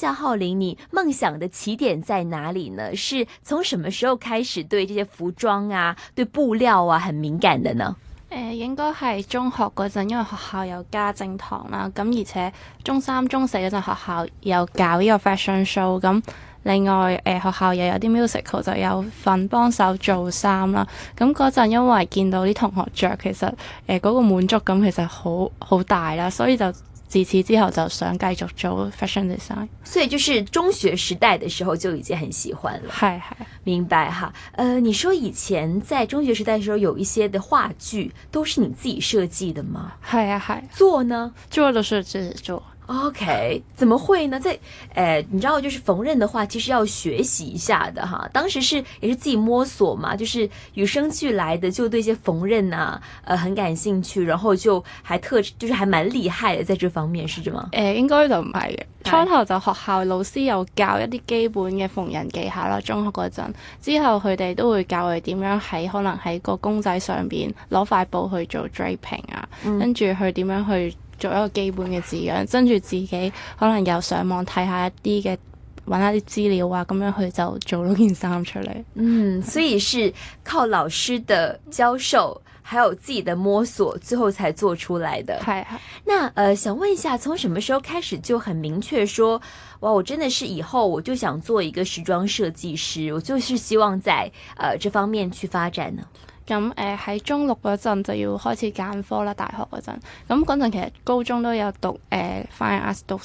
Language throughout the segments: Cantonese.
夏浩林，你夢想的起點在哪裏呢？是從什麼時候開始對這些服裝啊、對布料啊很敏感的呢？誒、呃，應該係中學嗰陣，因為學校有家政堂啦，咁而且中三、中四嗰陣學校有搞呢個 fashion show，咁另外誒、呃、學校又有啲 musical 就有份幫手做衫啦，咁嗰陣因為見到啲同學着，其實誒嗰、呃那個滿足感其實好好大啦，所以就。自此之後就想繼續做 fashion design，所以就是中學時代的時候就已經很喜歡了。係係，明白哈。呃，你說以前在中學時代的時候，有一些的話劇都是你自己設計的嗎？係啊係，做呢，做都設計做。O、okay, K，怎麼會呢？即誒、呃，你知道，就是縫紉的話，其實要學習一下的哈。當時是也是自己摸索嘛，就是與生俱來的，就對一些縫紉啊，誒、呃，很感興趣，然後就還特，就是還蠻厲害的在這方面，是嗎？誒、呃，應該就唔係嘅。是初頭就學校老師有教一啲基本嘅縫紉技巧啦。中學嗰陣之後，佢哋都會教佢點樣喺可能喺個公仔上邊攞塊布去做 draping 啊、嗯，跟住佢點樣去。做一個基本嘅字樣，跟住自己可能又上網睇下一啲嘅，搵一啲資料啊，咁樣佢就做咗件衫出嚟。嗯，所以是靠老師的教授，還有自己的摸索，最後才做出來的。係的，那，呃，想問一下，從什麼時候開始就很明確說，哇，我真的是以後我就想做一個時裝設計師，我就是希望在，呃，這方面去發展呢？咁誒喺中六嗰陣就要開始揀科啦，大學嗰陣。咁、嗯、嗰陣其實高中都有讀誒、呃、fine art，讀誒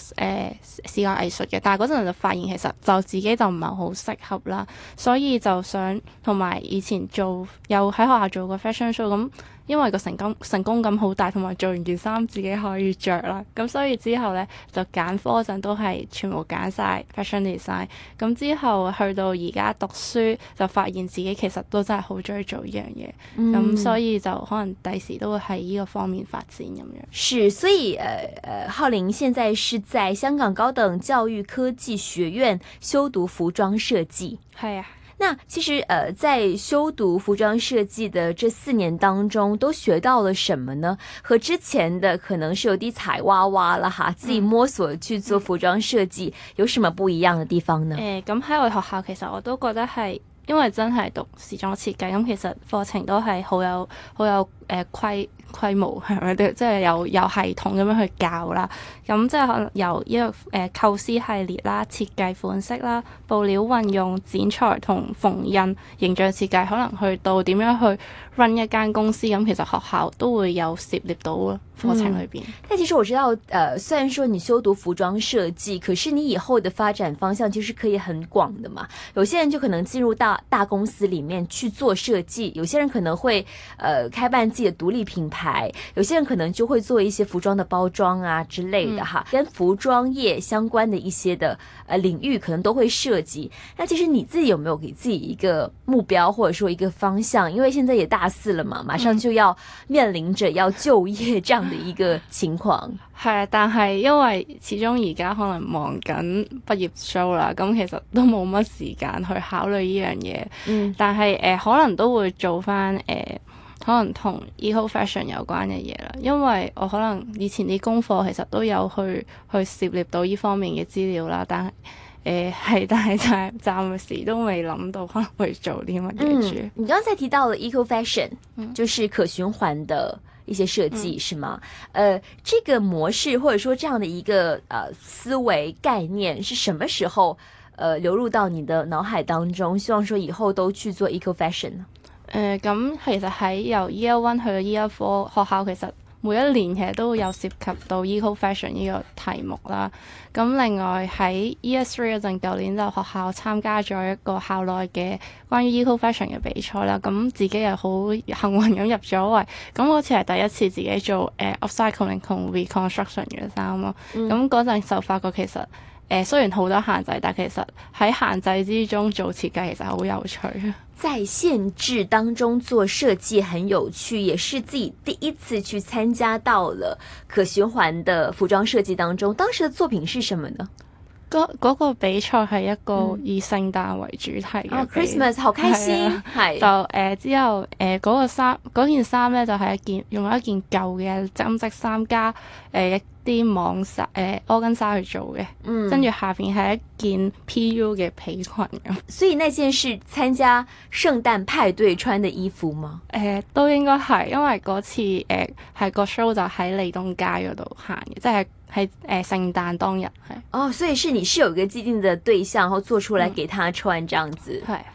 視覺藝術嘅，但係嗰陣就發現其實就自己就唔係好適合啦，所以就想同埋以前做又喺學校做過 fashion show 咁、嗯。因為個成功成功感好大，同埋做完件衫自己可以着啦，咁所以之後咧就揀科嗰陣都係全部揀晒 fashion design，咁之後去到而家讀書就發現自己其實都真係好中意做呢樣嘢，咁、嗯、所以就可能第時都會喺呢個方面發展咁樣。是，所以誒誒、呃，浩玲現在是在香港高等教育科技學院修讀服裝設計，係啊。那其實，誒、呃，在修讀服裝設計的這四年當中，都學到了什麼呢？和之前的可能是有啲踩娃娃啦，哈，嗯、自己摸索去做服裝設計，嗯、有什麼不一樣的地方呢？誒、欸，咁喺我哋學校，其實我都覺得係，因為真係讀時裝設計，咁其實課程都係好有好有誒規。isy irt に Bra acked noises 規模係咪？即係有有系統咁樣去教啦。咁、嗯、即係可能由一個誒、呃、構思系列啦、設計款式啦、布料運用、剪裁同縫印、形象設計，可能去到點樣去 run 一間公司。咁、嗯、其實學校都會有涉獵到課程裡面，但其實我知道，誒、呃，雖然說你修讀服裝設計，可是你以後嘅發展方向其實可以很廣的嘛。有些人就可能進入大大公司裡面去做設計，有些人可能會誒、呃、開辦自己嘅獨立品牌。台，有些人可能就會做一些服裝的包裝啊之類的哈，嗯、跟服裝業相關的一些的呃領域可能都會涉及。那其實你自己有沒有給自己一個目標，或者說一個方向？因為現在也大四了嘛，馬上就要面臨着要就業這樣的一個情況。係啊、嗯， 但係因為始終而家可能忙緊畢業 show 啦，咁其實都冇乜時間去考慮呢樣嘢。嗯，但係誒、呃，可能都會做翻誒。呃可能同 eco fashion 有關嘅嘢啦，因為我可能以前啲功課其實都有去去涉獵到依方面嘅資料啦，但係誒係，但係就暫時都未諗到可能會做啲乜嘢住。你剛才提到了 eco fashion，嗯、就是可循環的一些設計，嗯、是嗎？誒、呃，這個模式，或者說這樣的，一個誒、呃、思維概念，是什麼時候誒、呃、流入到你的腦海當中？希望說以後都去做 eco fashion。誒咁、呃嗯、其實喺由 Year One 去到 Year Four，學校其實每一年其實都有涉及到 eco fashion 呢個題目啦。咁、嗯、另外喺 Year Three 嗰陣，舊年就學校參加咗一個校內嘅關於 eco fashion 嘅比賽啦。咁自己又好幸運咁入咗圍。咁好似係第一次自己做誒 upcycling 同 reconstruction 嘅衫咯。咁嗰陣就發覺其實誒、呃、雖然好多限制，但其實喺限制之中做設計其實好有趣。在限制當中做設計很有趣，也是自己第一次去參加到了可循環的服裝設計當中。當時的作品是什麼呢？嗰嗰、那個比賽係一個以聖誕為主題嘅、嗯 oh,，Christmas 好開心。係、啊啊、就誒、呃、之後誒嗰、呃那個衫嗰件衫咧就係、是、一件用一件舊嘅針織衫加誒。呃啲網紗誒歐根紗去做嘅，嗯，跟住下邊係一件 PU 嘅皮裙咁。所以那件是參加聖誕派對穿嘅衣服嗎？誒、嗯，都應該係，因為嗰次誒係、呃、個 show 就喺利東街嗰度行嘅，即係喺誒聖誕當日係。哦，所以是你是有一個既定嘅對象，然後做出來給他穿，這樣子係。嗯嗯。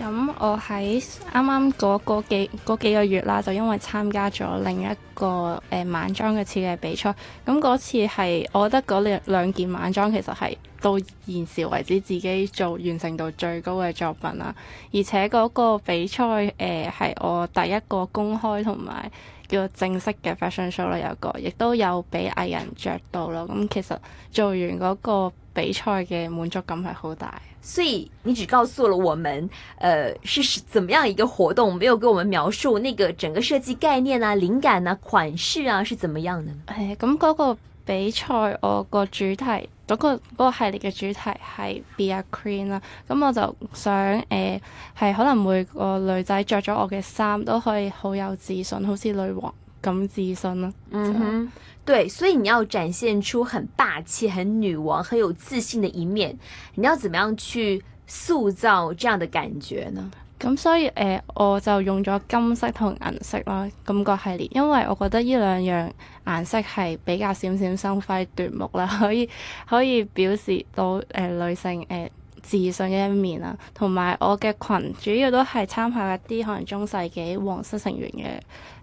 咁我喺啱啱嗰嗰幾嗰幾個月啦，就因為參加咗另一個誒、呃、晚裝嘅設計比賽，咁嗰次係我覺得嗰兩兩件晚裝其實係到現時為止自己做完成度最高嘅作品啦，而且嗰個比賽誒係、呃、我第一個公開同埋叫做正式嘅 fashion show 啦，有個亦都有俾藝人着到咯，咁其實做完嗰、嗰個。比賽嘅滿足感係好大，所以你只告訴了我們，誒、呃、是怎麼樣一個活動，沒有給我們描述那個整個設計概念啊、靈感啊、款式啊是怎麼樣的呢？誒咁嗰個比賽我個主題，嗰、那個那個系列嘅主題係 Be a Queen 啦、啊，咁、嗯、我就想誒係、啊、可能每個女仔着咗我嘅衫都可以好有自信，好似女王。咁自信咯、啊，嗯哼，對，所以你要展現出很霸氣、很女王、很有自信的一面，你要怎麼樣去塑造這樣的感覺呢？咁、嗯、所以誒、呃，我就用咗金色同銀色啦，感、那、覺、個、系列，因為我覺得呢兩樣顏色係比較閃閃生輝、奪目啦，可以可以表示到誒、呃、女性誒、呃、自信嘅一面啦。同埋我嘅裙主要都係參考一啲可能中世紀皇室成員嘅。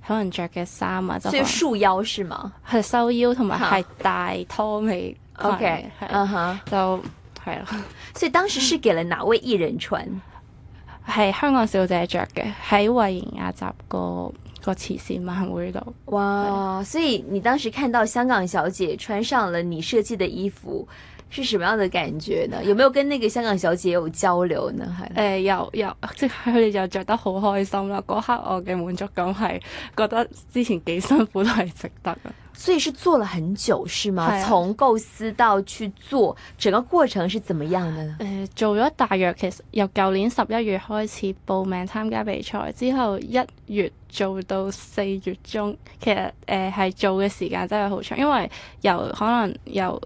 可能著嘅衫啊，就所以束腰是嗎？係收腰同埋係大拖尾。O K，係啊哈，就係咯。所以當時是給了哪位藝人穿？係 香港小姐着嘅，喺維園雅集個個慈善晚會度。哇 Wow, 是！所以你當時看到香港小姐穿上了你設計的衣服。是什麼樣的感覺呢？有沒有跟那個香港小姐有交流呢？係誒、呃，有有，即係佢哋就着得好開心啦。嗰刻我嘅滿足感係覺得之前幾辛苦都係值得㗎。所以是做了很久是嗎？從、啊、構思到去做，整個過程是怎麼樣的呢？誒、呃、做咗大約其實由舊年十一月開始報名參加比賽之後，一月做到四月中，其實誒係、呃、做嘅時間真係好長，因為由可能由。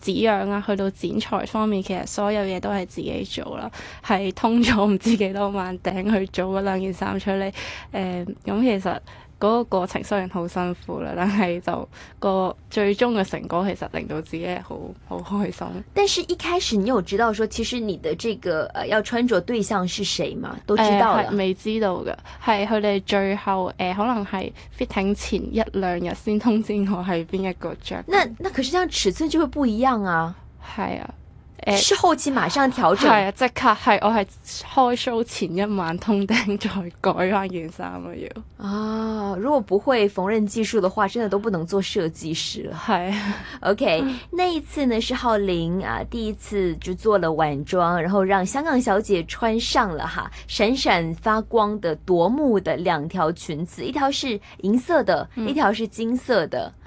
紙樣啊，去到剪裁方面，其實所有嘢都係自己做啦，係通咗唔知幾多萬頂去做嗰兩件衫出嚟，誒、呃、咁其實。嗰個過程雖然好辛苦啦，但係就個最終嘅成果其實令到自己好好開心。但係一開始你有知道，說其實你的這個、呃、要穿着對象係誰嗎？都知道未、呃、知道嘅係佢哋最後誒、呃、可能係 fitting 前一兩日先通知我係邊一個 jack 那。那那可是，樣尺寸就會不一樣啊？係啊。是後期馬上調整，係啊，即刻係，我係開 show 前一晚通頂再改翻件衫啊要。啊，如果不會縫紉技術的話，真的都不能做設計師。係，OK，那一次呢是浩林啊，第一次就做了晚裝，然後讓香港小姐穿上了哈，閃閃發光的奪目的兩條裙子，一條是銀色的，嗯、一條是金色的。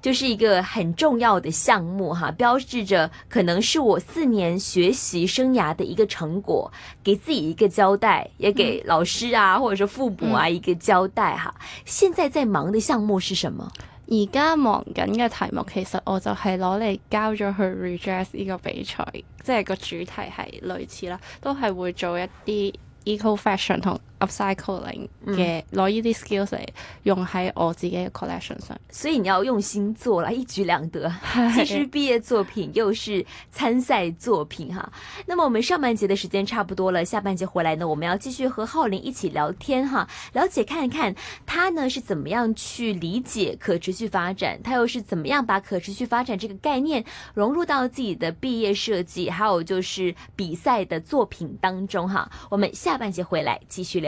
就是一個很重要的項目哈、啊，標誌着可能是我四年學習生涯的一個成果，給自己一個交代，也給老師啊，嗯、或者說父母啊一個交代哈、啊。現在在忙的項目是什麼？而家忙緊嘅題目，其實我就係攞嚟交咗去 Redress 呢個比賽，即係個主題係類似啦，都係會做一啲 eco fashion 同。upcycling 嘅攞呢啲 skills、嗯、嚟用喺我自己嘅 collection 上，所以你要用心做啦，一舉兩得，既 是畢業作品又是參賽作品哈。那麼我們上半節的時間差不多了，下半節回來呢，我們要繼續和浩林一起聊天哈，了解看一看他呢是怎麼樣去理解可持續發展，他又是怎麼樣把可持續發展這個概念融入到自己的畢業設計，還有就是比賽的作品當中哈。我們下半節回來繼續聊。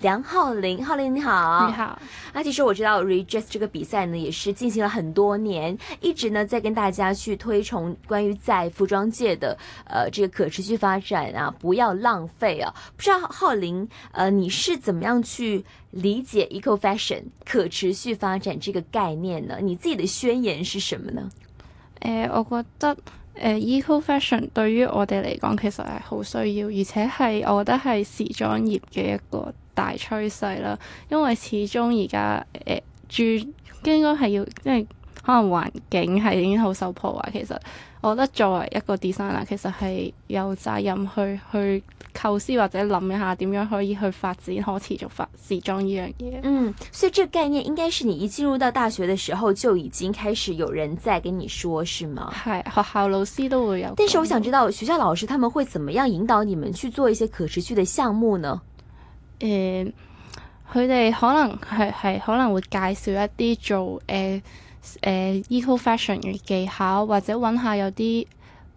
梁浩林，浩林你好，你好。你好啊，其實我知道 Redress 這個比賽呢，也是進行了很多年，一直呢在跟大家去推崇關於在服裝界的，呃，這個可持續發展啊，不要浪費啊。不知道浩林，呃，你是怎麼樣去理解 Eco Fashion 可持續發展這個概念呢？你自己的宣言是什麼呢？誒、呃，我覺得誒、呃，Eco Fashion 對於我哋嚟講其實係好需要，而且係我覺得係時裝業嘅一個。大趨勢啦，因為始終而家誒住應該係要，即係可能環境係已經好受破壞。其實我覺得作為一個 designer，其實係有責任去去構思或者諗一下點樣可以去發展可持續發展時裝呢樣嘢。嗯，所以呢個概念應該是你一進入到大學嘅時候就已經開始有人在跟你說，是嗎？係學校老師都會有。但是我想知道學校老師他們會怎麼樣引導你們去做一些可持續的項目呢？誒，佢哋、uh, 可能係係可能會介紹一啲做誒誒、uh, uh, eco fashion 嘅技巧，或者揾下有啲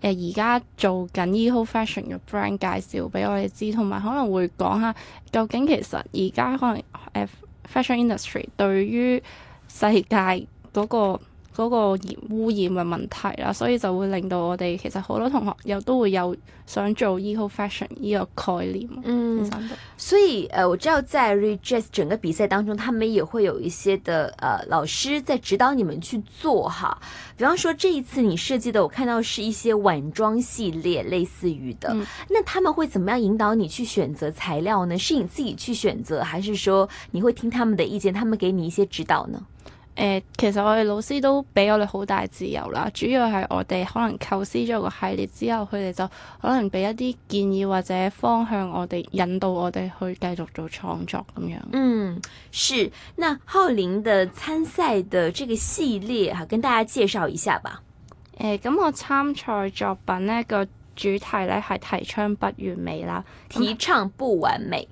誒而家做緊 eco fashion 嘅 brand 介紹俾我哋知，同埋可能會講下究竟其實而家可能誒、uh, fashion industry 對於世界嗰、嗰個嗰個污染嘅問題啦，所以就會令到我哋其實好多同學又都會有想做 eco fashion 呢個概念。嗯，所以誒、呃，我知道在 Redress 整個比賽當中，他們也會有一些的誒、呃、老師在指導你們去做哈。比方說，這一次你設計的，我看到是一些晚裝系列，類似於的，嗯、那他們會怎麼樣引導你去選擇材料呢？是你自己去選擇，還是說你會聽他們的意見，他們給你一些指導呢？誒，其實我哋老師都俾我哋好大自由啦，主要係我哋可能構思咗個系列之後，佢哋就可能俾一啲建議或者方向，我哋引導我哋去繼續做創作咁樣。嗯，是。那浩玲的參賽的這個系列嚇，跟大家介紹一下吧。誒、欸，咁我參賽作品呢個主題呢，係提倡不完美啦，提倡不完美。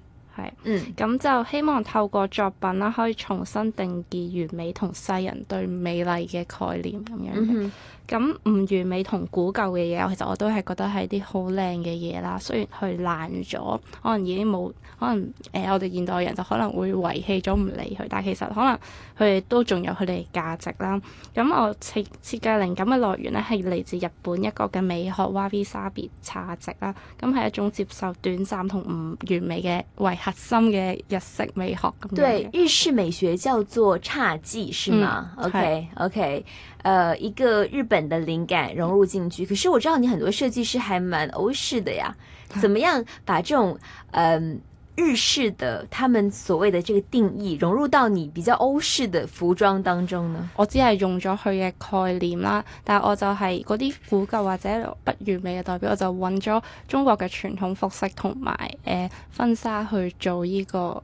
嗯，咁就希望透過作品啦，可以重新定義完美同世人對美麗嘅概念咁樣。嗯咁唔完美同古舊嘅嘢，其實我都係覺得係啲好靚嘅嘢啦。雖然佢爛咗，可能已經冇，可能誒、呃，我哋現代人就可能會遺棄咗唔理佢，但係其實可能佢哋都仲有佢哋嘅價值啦。咁我設設計靈感嘅來源咧，係嚟自日本一個嘅美學 wabi-sabi 侘寂啦。咁係一種接受短暫同唔完美嘅為核心嘅日式美學。對，日式美學叫做侘寂，是嗎？OK，OK。誒、呃，一個日本的靈感融入進去，可是我知道你很多設計師還蠻歐式的呀，怎麼樣把這種，嗯、呃，日式的他們所謂的這個定義融入到你比較歐式的服裝當中呢？我只係用咗佢嘅概念啦，但係我就係嗰啲古舊或者不完美嘅代表，我就揾咗中國嘅傳統服飾同埋誒婚紗去做呢個。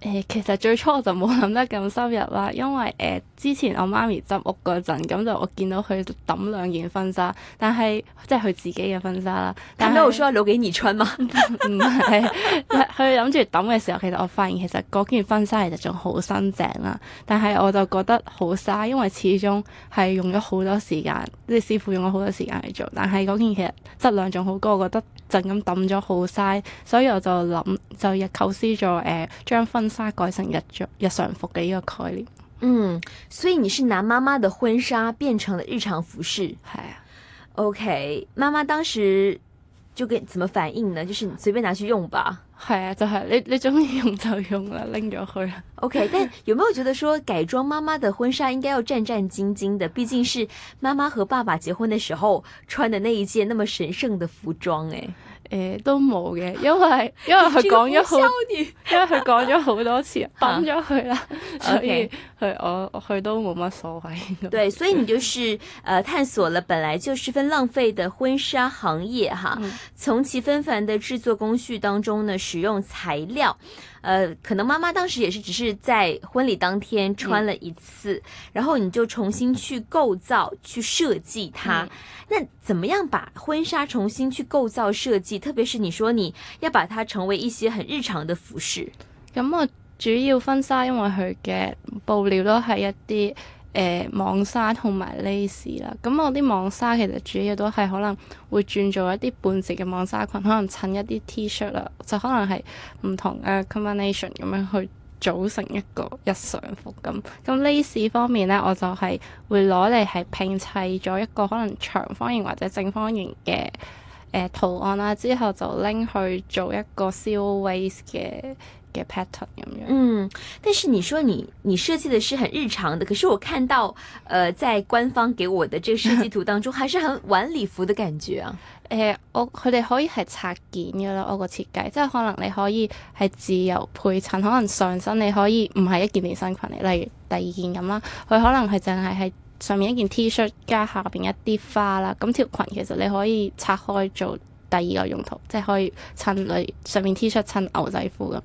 誒，其實最初我就冇諗得咁深入啦，因為誒、呃、之前我媽咪執屋嗰陣，咁就我見到佢揼兩件婚紗，但係即係佢自己嘅婚紗啦。但係我話老幾年穿嗎？唔 係， 佢諗住揼嘅時候，其實我發現其實嗰件婚紗其實仲好新淨啦，但係我就覺得好嘥，因為始終係用咗好多時間，即係師傅用咗好多時間去做，但係嗰件其實質量仲好高，我覺得陣咁揼咗好嘥，所以我就諗就日構思咗誒、呃、將婚。紗改成日着日常服嘅呢個概念，嗯，所以你是拿媽媽的婚紗變成了日常服飾，係啊，OK，媽媽當時就跟怎麼反應呢？就是你隨便拿去用吧，係啊，就係、是、你你鍾意用就用啦，拎咗去啦。OK，但有沒有覺得說改裝媽媽的婚紗應該要戰戰兢兢的？畢竟是媽媽和爸爸結婚的時候穿的那一件那麼神聖的服裝，哎，哎，都冇嘅，因為因為佢講咗好，因為佢講咗好多次揼咗佢啦，去了 Okay. 所以佢我佢都冇乜所謂。對，所以你就是呃探索了本來就十分浪費的婚紗行業哈，從、嗯、其紛繁的製作工序當中呢，使用材料。誒、呃，可能媽媽當時也是只是在婚禮當天穿了一次，嗯、然後你就重新去構造、去設計它。那、嗯、怎麼樣把婚紗重新去構造設計？特別是你說你要把它成為一些很日常的服飾。咁、嗯、我主要婚紗因為佢嘅布料都係一啲。誒網紗同埋 lace 啦，咁我啲網紗其實主要都係可能會轉做一啲半截嘅網紗裙，可能襯一啲 T-shirt 啦，就可能係唔同嘅 combination 咁樣去組成一個日常服咁。咁 lace 方面咧，我就係會攞嚟係拼砌咗一個可能長方形或者正方形嘅誒、呃、圖案啦，之後就拎去做一個稍微嘅。嘅 pattern 咁樣，嗯，但是你說你你設計的是很日常的，可是我看到，呃，在官方給我的這個設計圖當中，還是很晚禮服的感覺啊。誒、 呃，我佢哋可以係拆件噶咯，我個設計，即係可能你可以係自由配襯，可能上身你可以唔係一件連身裙嚟，例如第二件咁啦，佢可能係淨係喺上面一件 T-shirt 加下邊一啲花啦，咁條裙其實你可以拆開做。第二個用途，即係可以襯女上面 T 恤襯牛仔褲咁樣。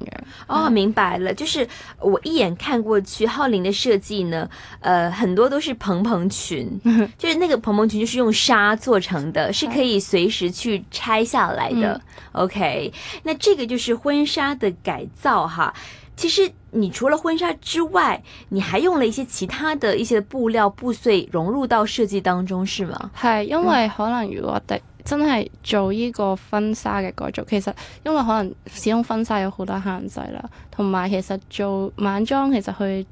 哦、嗯，oh, 明白了，就是我一眼看過去，浩林的設計呢，呃，很多都是蓬蓬裙， 就是那個蓬蓬裙就是用紗做成的， 是可以隨時去拆下來的。嗯、OK，那這個就是婚紗的改造哈。其實你除了婚紗之外，你還用了一些其他的一些布料布碎融入到設計當中，是嗎？係、 嗯，因為可能如果的。 真係做呢個婚紗嘅改造，其實因為可能始終婚紗有好多限制啦，同埋其實做晚裝其實佢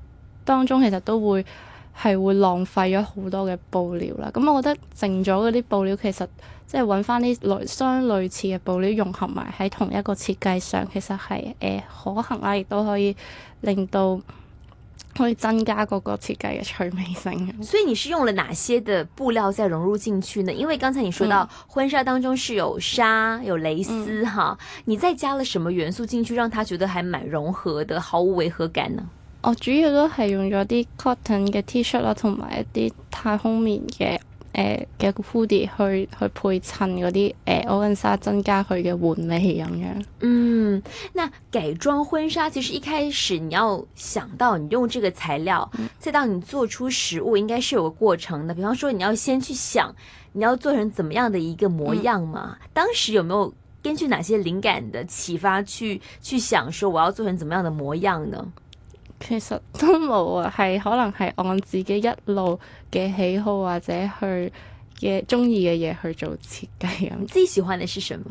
當中其實都會係會浪費咗好多嘅布料啦。咁、嗯、我覺得剩咗嗰啲布料，其實即係揾翻啲類相類似嘅布料融合埋喺同一個設計上，其實係誒、呃、可行啦、啊，亦都可以令到，可以增加嗰個設計嘅趣味性嘅。所以你是用了哪些的布料再融入進去呢？因為剛才你說到婚紗當中是有紗、嗯、有蕾絲、嗯、哈，你再加了什麼元素進去，讓它覺得還蠻融合的，毫無違和感呢？哦，主要都係用咗啲 cotton 嘅 T-shirt 啦，同埋一啲太空棉嘅。誒嘅褲碟去去配襯嗰啲誒歐根紗，增加佢嘅玩味咁樣。嗯，那改裝婚紗其實一開始你要想到你用這個材料，嗯、再到你做出實物，應該是有個過程的。比方說，你要先去想你要做成怎麼樣的一個模樣嘛？嗯、當時有沒有根據哪些靈感的啟發去去想，說我要做成怎麼樣的模樣呢？其實都冇啊，係可能係按自己一路嘅喜好或者去嘅中意嘅嘢，去做設計咁。你自己喜歡的是什麼？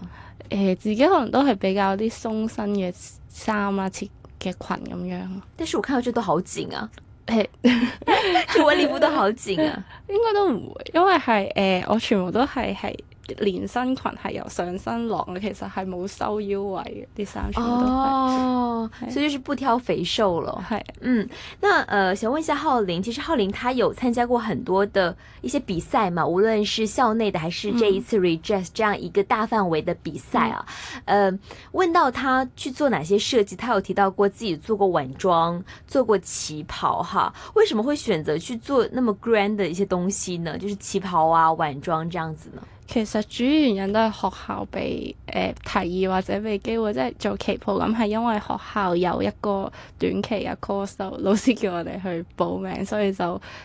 誒、呃，自己可能都係比較啲鬆身嘅衫啊，設嘅裙咁樣。但是我看到這都好緊啊，係，條圍呢布都好緊啊，應該都唔會，因為係誒、呃，我全部都係係。連身裙係由上身落，其實係冇收腰圍嘅啲衫款都係，oh, 是所以就是不挑肥瘦咯。係是，嗯，那呃想問一下浩林，其實浩林他有參加過很多的一些比賽嘛，無論是校內的，還是這一次 Redress 這樣一個大範圍的比賽啊。嗯嗯、呃，問到他去做哪些設計，他有提到過自己做過晚裝，做過旗袍哈。為什麼會選擇去做那麼 grand 的一些東西呢？就是旗袍啊、晚裝這樣子呢？其實主要原因都係學校俾誒、呃、提議或者俾機會，即係做旗袍咁，係因為學校有一個短期嘅 course，老師叫我哋去報名，所以就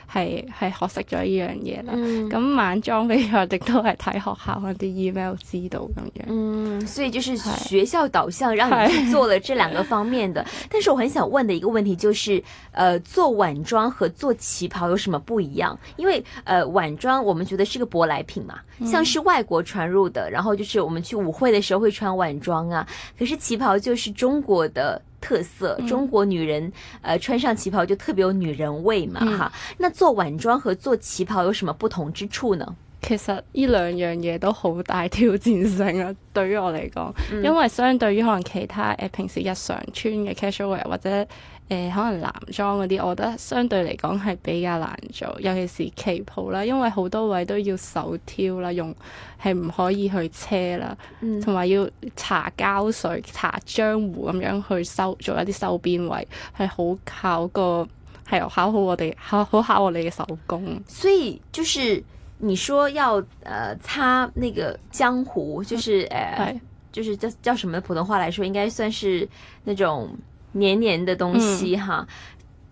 係、是、係學識咗依樣嘢啦。咁、嗯、晚裝俾我哋都係睇學校嗰啲 email 知道咁樣。嗯，所以就是學校導向，讓你去做了這兩個方面的。是是 但是我很想問的一個問題，就是，呃，做晚裝和做旗袍有什麼不一樣？因為，呃，晚裝我們覺得係個舶來品嘛，像、嗯是外國傳入的，然後就是我們去舞會的時候會穿晚裝啊。可是旗袍就是中國的特色，嗯、中國女人呃穿上旗袍就特別有女人味嘛、嗯、哈。那做晚裝和做旗袍有什麼不同之處呢？其實呢兩樣嘢都好大挑戰性啊，對於我嚟講，嗯、因為相對於可能其他誒、呃、平時日常穿嘅 casual wear 或者。誒、呃、可能男裝嗰啲，我覺得相對嚟講係比較難做，尤其是旗袍啦，因為好多位都要手挑啦，用係唔可以去車啦，同埋、嗯、要搽膠水、搽漿糊咁樣去收做一啲收邊位，係好考個係考好我哋，考好考我哋嘅手工。所以就是，你說要誒、呃、擦那個漿糊，就是誒，呃、是就是叫叫什麼？普通話來說，應該算是那種。黏黏的東西、嗯、哈，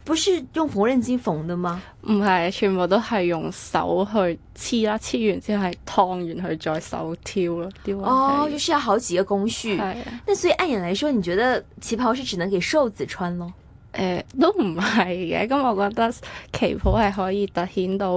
不是用縫紉機縫的嗎？唔係，全部都係用手去黐啦，黐完之後係燙完去再手挑啦。哦，就需、是、要好幾個工序。係是，那所以按人嚟說，你覺得旗袍是只能給瘦子穿咯？誒、呃，都唔係嘅，咁、嗯、我覺得旗袍係可以凸顯到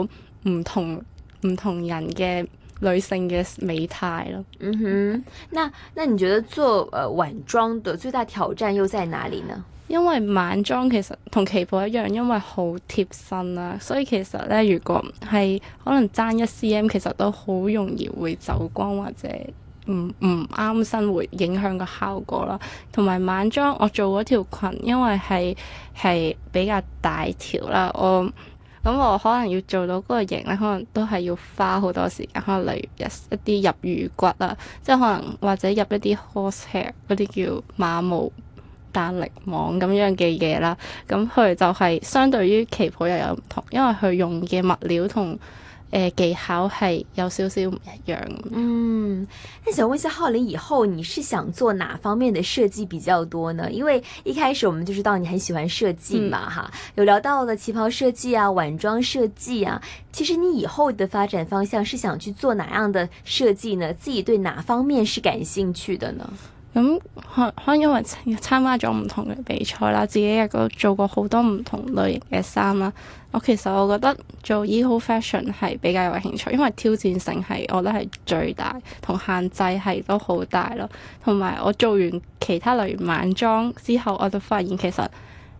唔同唔同人嘅。女性嘅美態咯，嗯哼，那那你覺得做誒晚裝的最大挑戰又在哪裏呢？因為晚裝其實同旗袍一樣，因為好貼身啊，所以其實咧如果係可能爭一 cm，其實都好容易會走光或者唔唔啱身，會影響個效果啦。同埋晚裝我做嗰條裙，因為係係比較大條啦，我。咁我可能要做到嗰個型咧，可能都係要花好多時間，可能例如一啲入魚骨啦，即係可能或者入一啲 horse hair 嗰啲叫馬毛彈力網咁樣嘅嘢啦。咁佢就係相對於旗袍又有唔同，因為佢用嘅物料同。誒、呃、技巧係有少少唔一樣。嗯，那想問一下浩林，後以後你是想做哪方面的設計比較多呢？因為一開始我們就知道你很喜歡設計嘛，嗯、哈，有聊到了旗袍設計啊、晚裝設計啊，其實你以後的發展方向是想去做哪樣的設計呢？自己對哪方面是感興趣的呢？咁可可能因為參加咗唔同嘅比賽啦，自己亦都做過好多唔同類型嘅衫啦，我其實我覺得做 eco fashion 係比較有興趣，因為挑戰性係我覺得係最大，同限制係都好大咯。同埋我做完其他類晚裝之後，我就發現其實。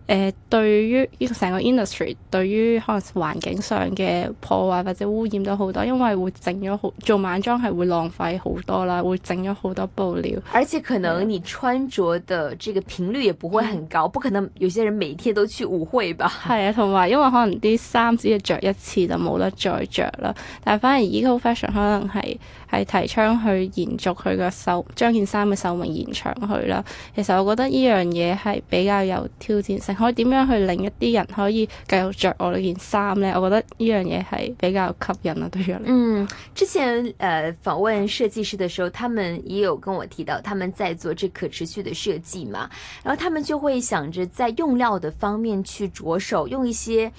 誒、呃、對於呢成個 industry，對於可能環境上嘅破壞或者污染都好多，因為會整咗好做晚裝係會浪費好多啦，會整咗好多布料。而且可能你穿着嘅這個頻率也不會很高，嗯、不可能有些人每天都去舞會吧？係啊，同埋因為可能啲衫只係着一次就冇得再着啦，但係反而 eco fashion 可能係係提倡去延續佢嘅壽，將件衫嘅壽命延長去啦。其實我覺得呢樣嘢係比較有挑戰性。可以點樣去令一啲人可以繼續着我呢件衫呢？我覺得呢樣嘢係比較吸引啊，對住你。嗯，之前誒訪問設計師嘅時候，他們也有跟我提到，他們在做這可持續嘅設計嘛，然後他們就會想着在用料的方面去着手，用一些。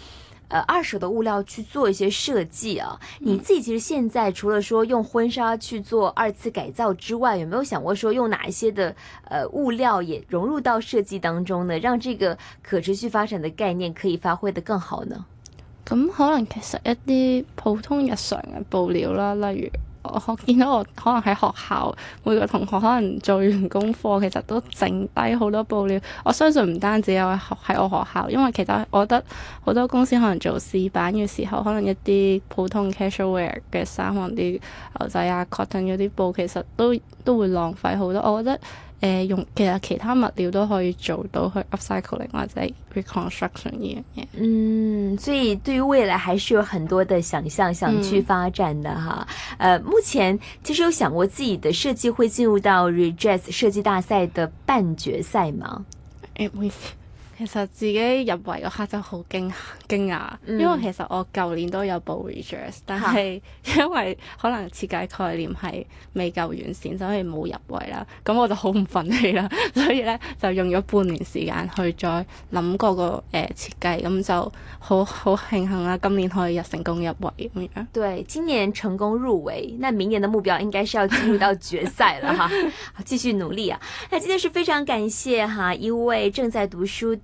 呃，二手的物料去做一些設計啊，你自己其實現在除了說用婚紗去做二次改造之外，有沒有想過說用哪一些的呃物料也融入到設計當中呢？讓這個可持續發展的概念可以發揮得更好呢？咁，嗯，可能其實一啲普通日常嘅布料啦，例如。我學見到我可能喺學校每個同學可能做完功課，其實都剩低好多布料。我相信唔單止有喺我學校，因為其實我覺得好多公司可能做試版嘅時候，可能一啲普通 casual wear 嘅衫，或者啲牛仔啊 cotton 嗰啲布，其實都都會浪費好多。我覺得。誒用其他物料都可以做到去 upcycling 或者 reconstruction 呢樣嘢。嗯，所以對於未來還是有很多的想像想去發展的哈。誒、呃，目前其實有想過自己的設計會進入到 Redress 設計大賽的半決賽嗎？其實自己入圍嗰刻就好驚訝驚訝，因為其實我舊年都有報 reject，但係因為可能設計概念係未夠完善，所以冇入圍啦。咁我就好唔忿氣啦，所以咧就用咗半年時間去再諗個個誒設計，咁就好好慶幸啦。今年可以入成功入圍咁樣。對，今年成功入圍，那明年的目標應該是要進入到決賽啦，哈！好，繼續努力啊。那今天是非常感謝哈，一位正在讀書。